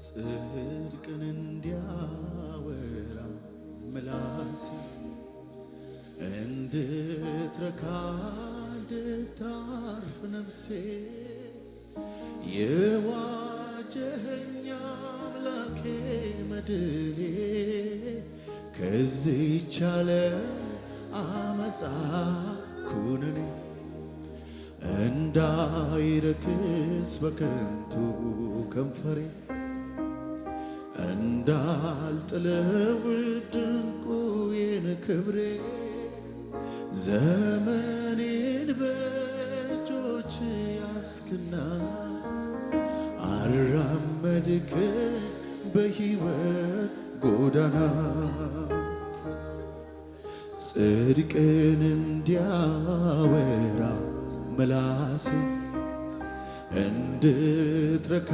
ጽድቅን እንዲያወራ ምላሴ እንድትረካ እንድታርፍ ነፍሴ የዋጀኸኝ አምላኬ መድኔ ከዚህ ይቻለ አመፃ ኩነኔ እንዳይረክስ በከንቱ ከንፈሬ እንዳልጥለው ድንቁዬን ክብሬ ዘመኔን በእጆች ያስክና አራመድክ በሕይወት ጎዳና ጽድቅን እንዲያወራ ምላሴ እንድትረካ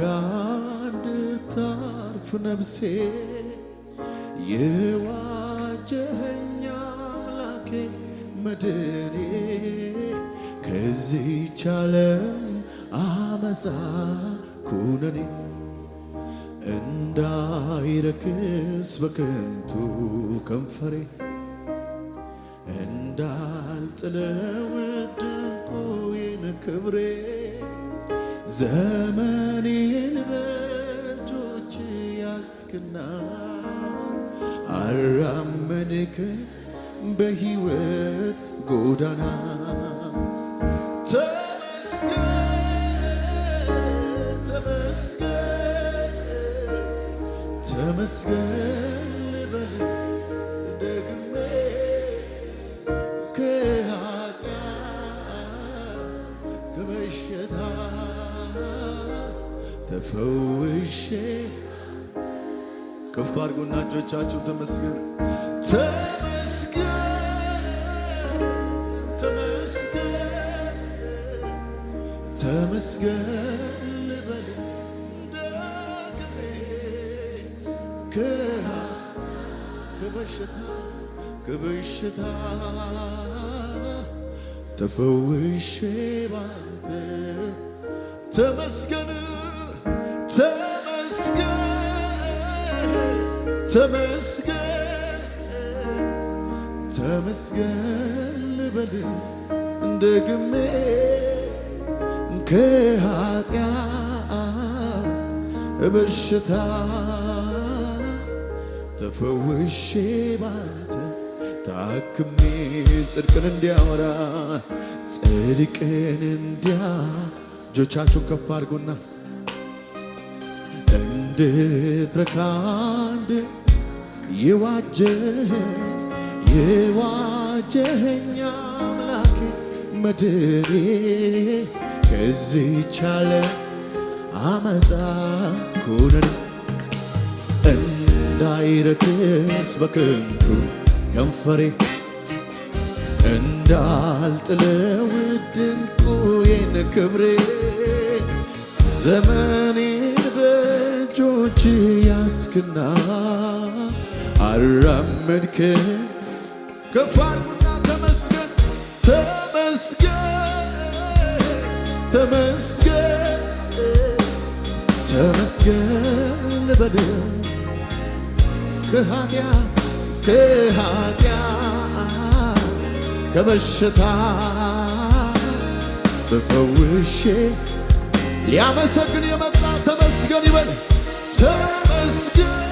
እንድታ ነፍሴ የዋጀኸኝ አምላኬ መድኔ ከዚህች ዓለም አመፃ ኩነኔ እንዳይረክስ በከንቱ ከንፈሬ እንዳልጥለው ወደቁ ክብሬ ዘመኔ ደረስክና አራመድክ በሕይወት ጎዳና ተመስገን ተመስገን ተመስገን ልበል ደግሜ ከኃጢአት ከበሽታ ተፈውሼ አድርጉና እጆቻችሁ ተመስገን ተመስገን ተመስገን ከበሽታ ከበሽታ ተፈውሼ ባንተ ተመስገን ተመስገን ተመስገን ልበል ደግሜ ከኃጢአት በሽታ ተፈውሼ ባንተ ታክሜ ጽድቅን እንዲያወራ ጽድቅን እንዲያ እጆቻችሁን ከፍ አድርጉና እንድትረካ የዋጀህ የዋጀኸኝ አምላኬ ምድሬ ከዚህ ቻለ አመፃ ኩነኔ እንዳይረክስ በክንቱ ከንፈሬ እንዳልጥለው ድንቁዬን ክብሬ ዘመኔን በእጆች ያስክና አራመድከን ከፋርጉና ተመስገን ተመስገን ተመስገን ተመስገን ልበል ከኃጢአት ከኃጢአት ከበሽታ በፈውሼ ሊያመሰግን የመጣ ተመስገን ይበል ተመስገን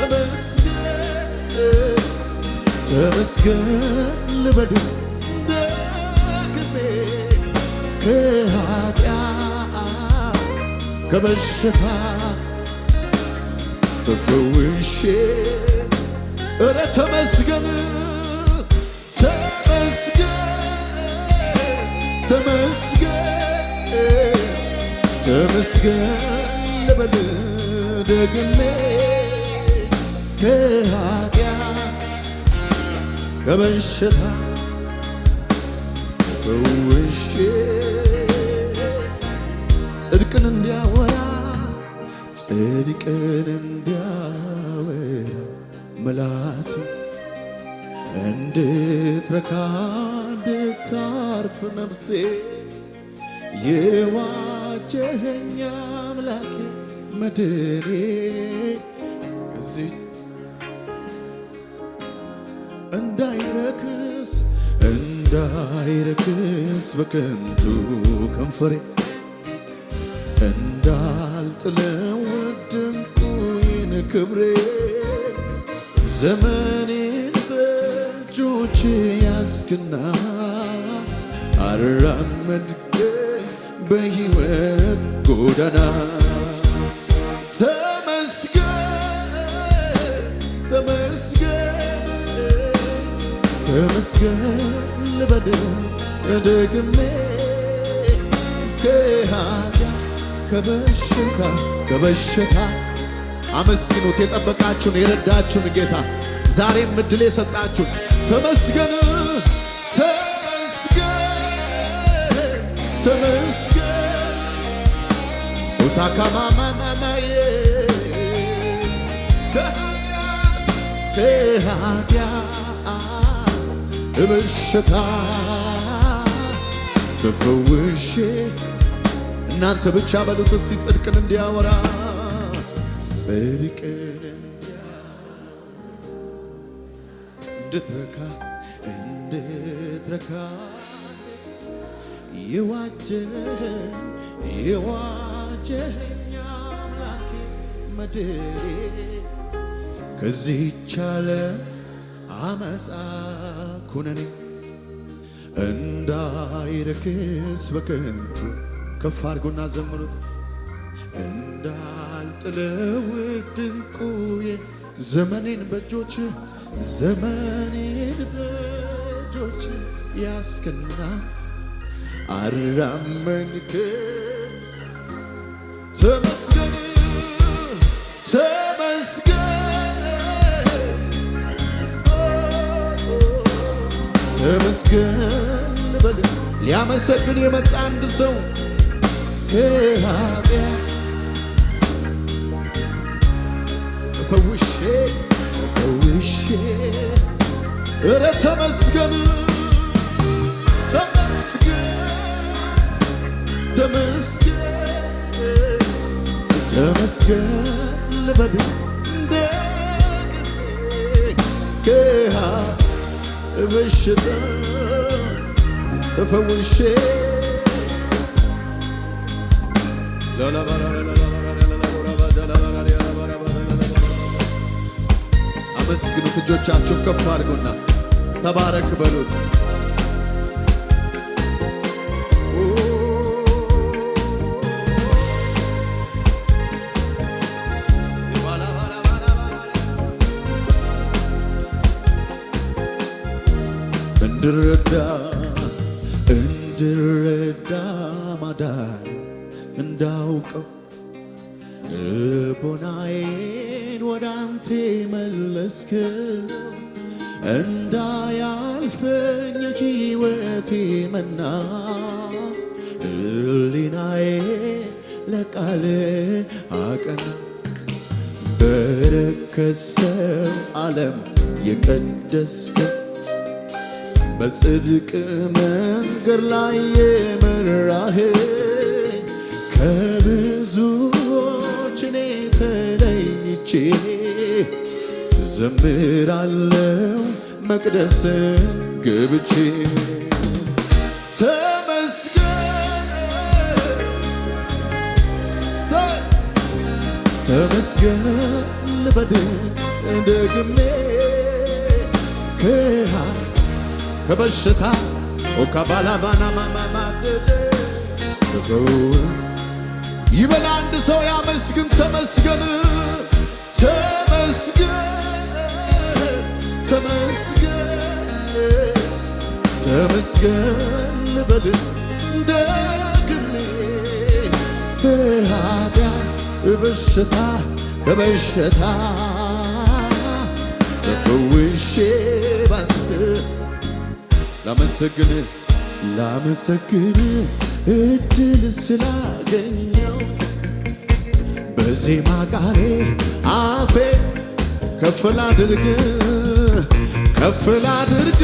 ተመስገን ተመስገን ልበድ ደግሜ ከኃጢአት ከበሽታ ተፈውሼ እረ ተመስገን ተመስገን ተመስገን ተመስገን ልበድ ደግሜ ከኃጢአት ከበሽታ ፈውሼ ጽድቅን እንዲያወራ ጽድቅን እንዲያወራ ምላስ እንድትረካ እንድታርፍ ነፍሴ የዋጀኸኝ አምላክ መድኔ እዚህ እንዳይረክስ እንዳይረክስ በከንቱ ከንፈሬ እንዳልጥለው ድንቁን ክብሬ ዘመኔን በእጆች ያስክና አራመድክ በሕይወት ጎዳና ተመስገን ልበል ደግሜ ከበሽታ ከበሽታ አመስግኑት። የጠበቃችሁን የረዳችሁን ጌታ ዛሬም እድል የሰጣችሁን ተመስገን ተመስገን ተመስገን በሽታ ተፈውሼ እናንተ ብቻ በሉት እስቲ ጽድቅን እንዲያወራ ጽድቅን እንድትረካ እንድትረካ የዋጀ አምላኬ መድሬ አመፃ ኩነኔ እንዳይረክስ በከንቱ ከፍ አድርጎና ዘምሩት እንዳልጥለው ድንቁዬ ዘመኔን በእጆች ዘመኔን በእጆች ያስክና አራመድክ ተመስገን ተመስገን በል ሊያመሰግን የመጣ አንድ ሰው ከኃጢያ ተፈውሼ ተፈውሼ እረ ተመስገን ተመስገን ተመስገን ተመስገን ልበል እንደ ከኃጢያ በሽታ ተፈውሼ አመስግኑት። እጆቻችሁ ከፍ አድርጉና ተባረክ በሉት። እንድረዳ እንድረዳ ማዳን እንዳውቀው ልቦናዬን ወደ አንቴ መለስክ እንዳያልፈኝ የሕይወቴ መና ሕሊናዬ ለቃል አቀና በረከሰው ዓለም የቀደስከው በጽድቅ መንገድ ላይ የመራህ ከብዙዎች እኔ ተለይቼ ዘምራለው መቅደስ ገብቼ ተመስገን ልበድ ደግሜ ከሃ ከበሽታ ኦካባላባናማማማ ይበል አንድ ሰው ያመስግን። ተመስገን ተመስገን ተመስገን ተመስገን ልበል ደግሜ ከኃጢያ በሽታ ከበሽታ ተፈውሼ ላመሰግን ላመሰግን እድል ስላገኘው በዜማ ቃሬ አፌ ከፍ ላድርግ ከፍ ላድርግ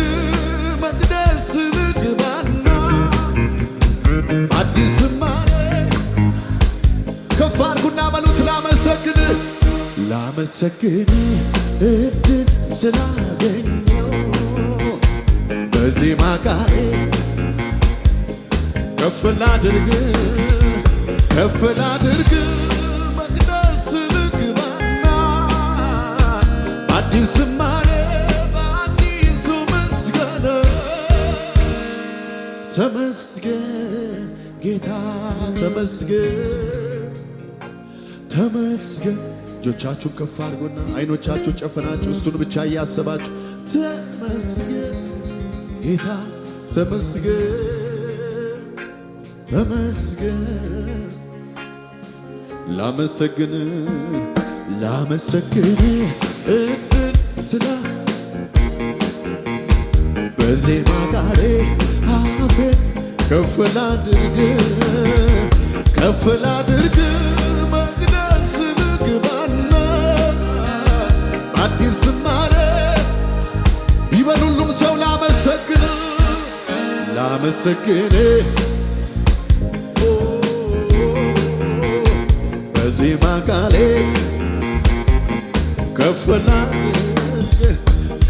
መቅደስ ልግባና አዲስ ዝማሬ ከፍ አድርጉና በሉት ላመሰግን ላመሰግን እድል ስላ በዚህ ማካሪ ከፍ ላድርግ ከፍ ላድርግ መቅደስ ልግባና አዲስ ዝማሬ በአዲሱ ምስጋና ተመስገን ጌታ ተመስገን ተመስገን። እጆቻችሁን ከፍ አድርጎና አይኖቻችሁ ጨፈናችሁ እሱን ብቻ እያሰባችሁ ተመስገን ጌታ ተመስገን ተመስገን ላመሰግን ላመሰግን እድል ስላ በዜማ ቃሌ አፌን ከፍ ላድርግ ከፍ ላድርግ መቅደስ ልግባና አዲስ ሁሉም ሰው ላመሰግን ላመሰግን በዚህ ማካሌ ከፈላ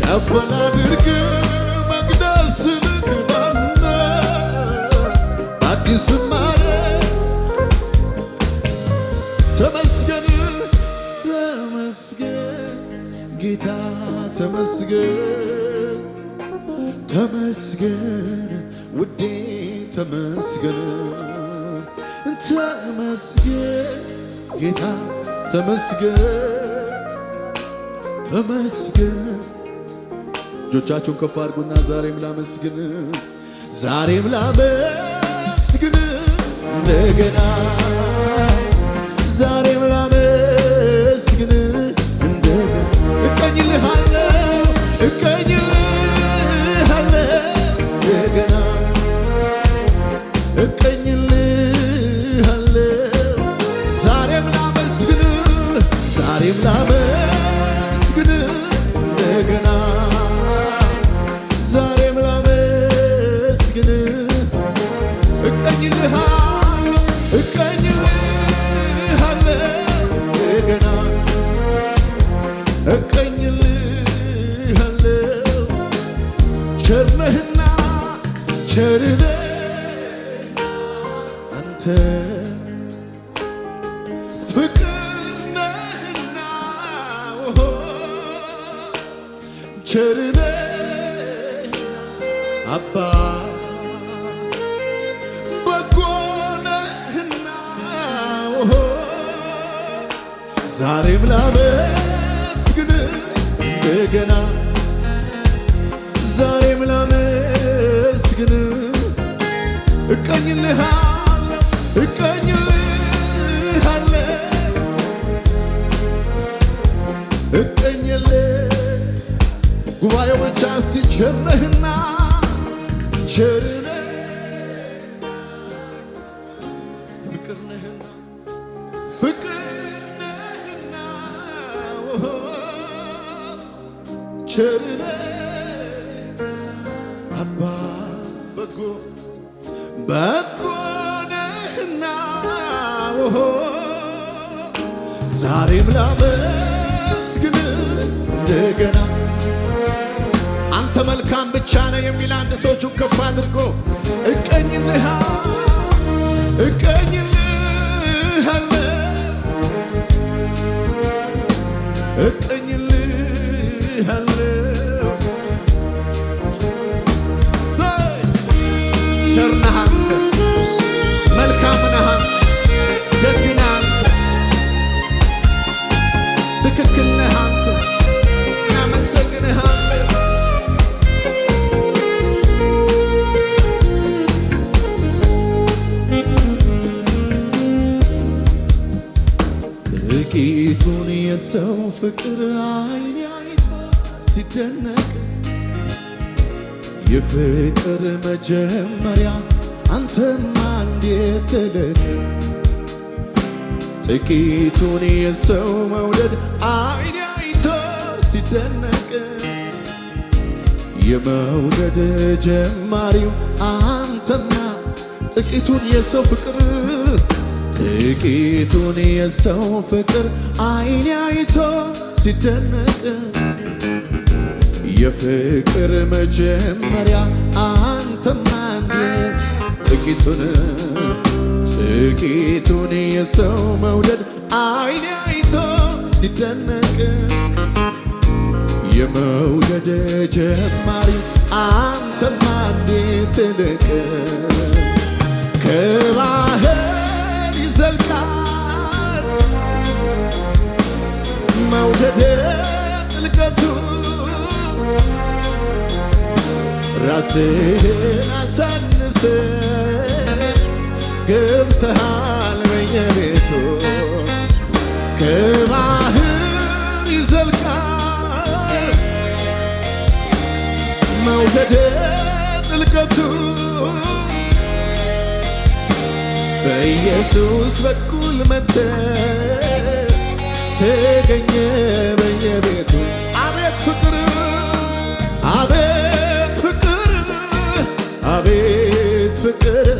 ከፈላ ድርግ መቅደስን ንግባነ አዲስ ማረ ተመስገን ተመስገን ጌታ ተመስገን ተመስገን ውዴ ተመስገን ተመስገን ጌታ ተመስገን ተመስገን። እጆቻችሁን ከፍ አድርጉና ዛሬም ላመስግን ዛሬም ላመስግን እንደገና ቸርነ አንተ አንተ ቸር ነህና ቸር ነህ ፍቅር ብቻ ነው የሚል አንድ ሰው እጁን ከፍ አድርጎ እቀኝልሃ እቀኝልሃለ ፍቅር አይን አይቶ ሲደነቅ የፍቅር መጀመሪያ አንተማ እንዴት ተለቅ ጥቂቱን የሰው መውደድ አይን አይቶ ሲደነቅ የመውደድ ጀማሪው አንተማ ጥቂቱን የሰው ፍቅር ጥቂቱን የሰው ፍቅር አይን አይቶ ሲደነቅ የፍቅር መጀመሪያ አንተም አንተ ጥቂቱን ጥቂቱን የሰው መውደድ አይን አይቶ ሲደነቅ የመውደድ ጀማሪ አንተም አንዴ ትልቅ ከባህር ይዘልቃል መውደድ ጥልቀቱ ራስህን አሳንስ ገብተሃል በየቤቱ ከባህር ይዘልቃል መውደድ ጥልቀቱ በኢየሱስ በኩል መተ ተገኘ በየቤቱ አቤት ፍቅር አቤት ፍቅር አቤት ፍቅር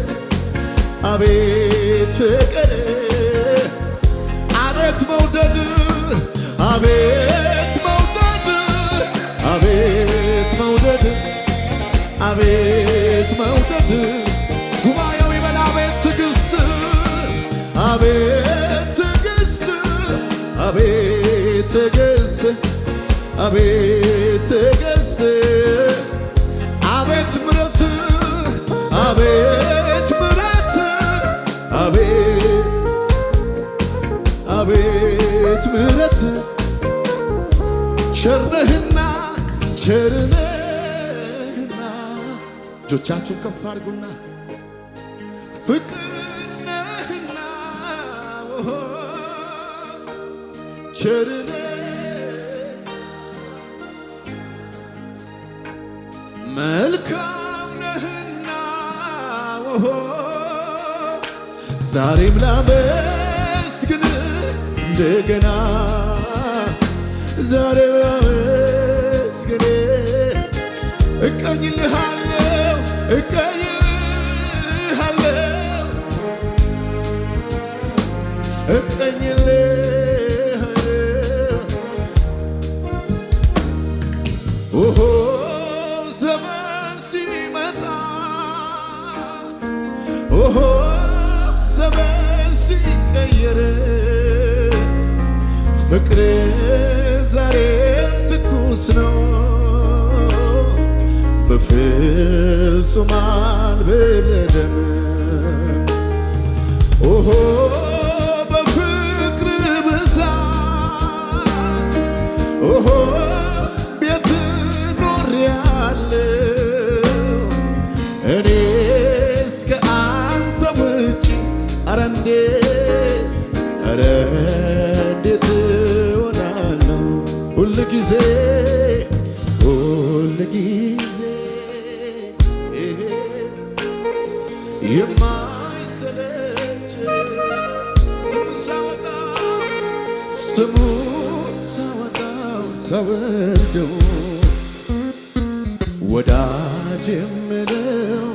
አቤት ፍቅር አቤት መውደድ አቤት መውደድ አቤት መውደድ አቤት መውደድ አቤት ትዕግስት፣ አቤት ምረት፣ አቤት ምረት፣ አቤት አቤት ምረት ቸርነህና ቸርነህና እጆቻችሁን ከፍ አድርጉና ፍቅር ነህና መልካም ነህና ዛሬም ላመስግን እንደገና ዛሬም ላመስግን እቀኝልሃለው ፍቅር ዛሬም ትኩስ ነው በፍጹም አልበረደም። ኦሆ በፍቅር ብዛት ኦሆ ቤት ኖር ያለው እኔ እስከ አንተ ውጭ አረ እንዴ አረ ጊዜ ሁል ጊዜ የማይሰለች ስሙ ሳወጣው ስሙ ሳወጣው ሳወርደው ወዳጅ የምለው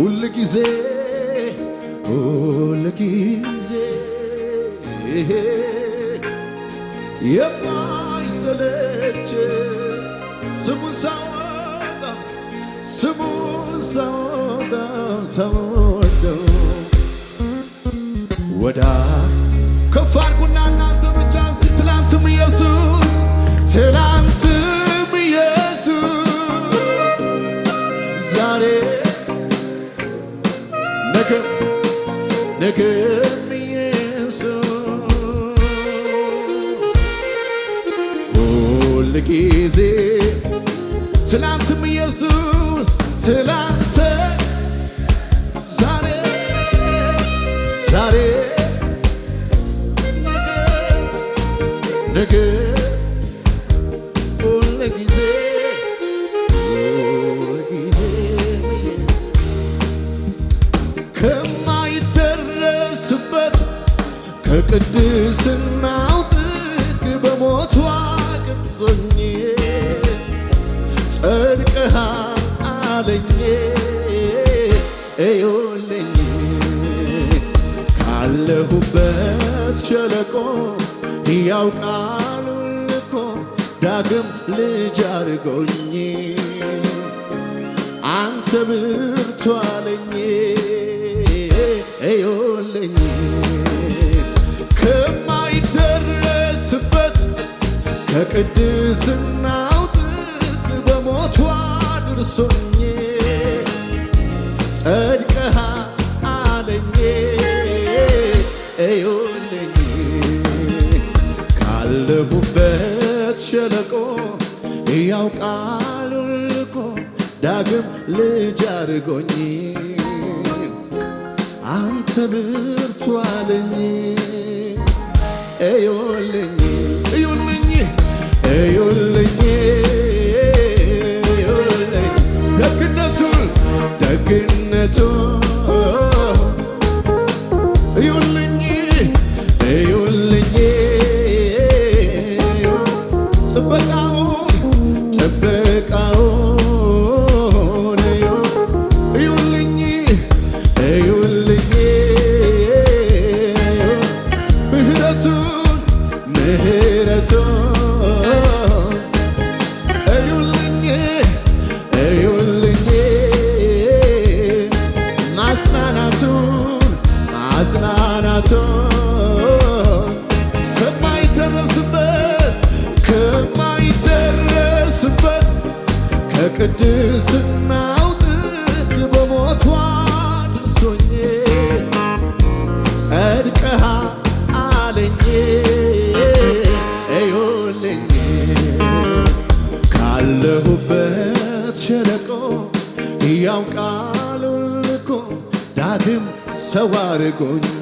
ሁል ጊዜ ሁል ጊዜ የማ ስለች ስሙ ሳወጣ ስሙ ሳወጣ ሳወደው ወዳ ከፍ አድርጉና እናንተ ብቻ እስቲ ትላንትም ኢየሱስ ትላንትም ኢየሱስ ዛሬ ነገ ነገ ጊዜ ትላንትም ኢየሱስ ትላንት ዛሬ ዛሬ ነገ ሁል ሁል ጊዜ ከማይደረስበት ከቅድስና ሕያው ልኮ ዳግም ልጅ አድርጎኝ አንተ ብርቱ አለኝ እዮልኝ ከማይደረስበት ከቅድስናው ጥግ በሞቷ አድርሶኝ ሸለቆ ያው ቃሉን ልኮ ዳግም ልጅ አድርጎኝ አንተ ብርቱ አለኝ። እዩልኝ እዩልኝ እዩልኝ እዩልኝ ደግነቱን ደግነቱን ሰው አርጎኝ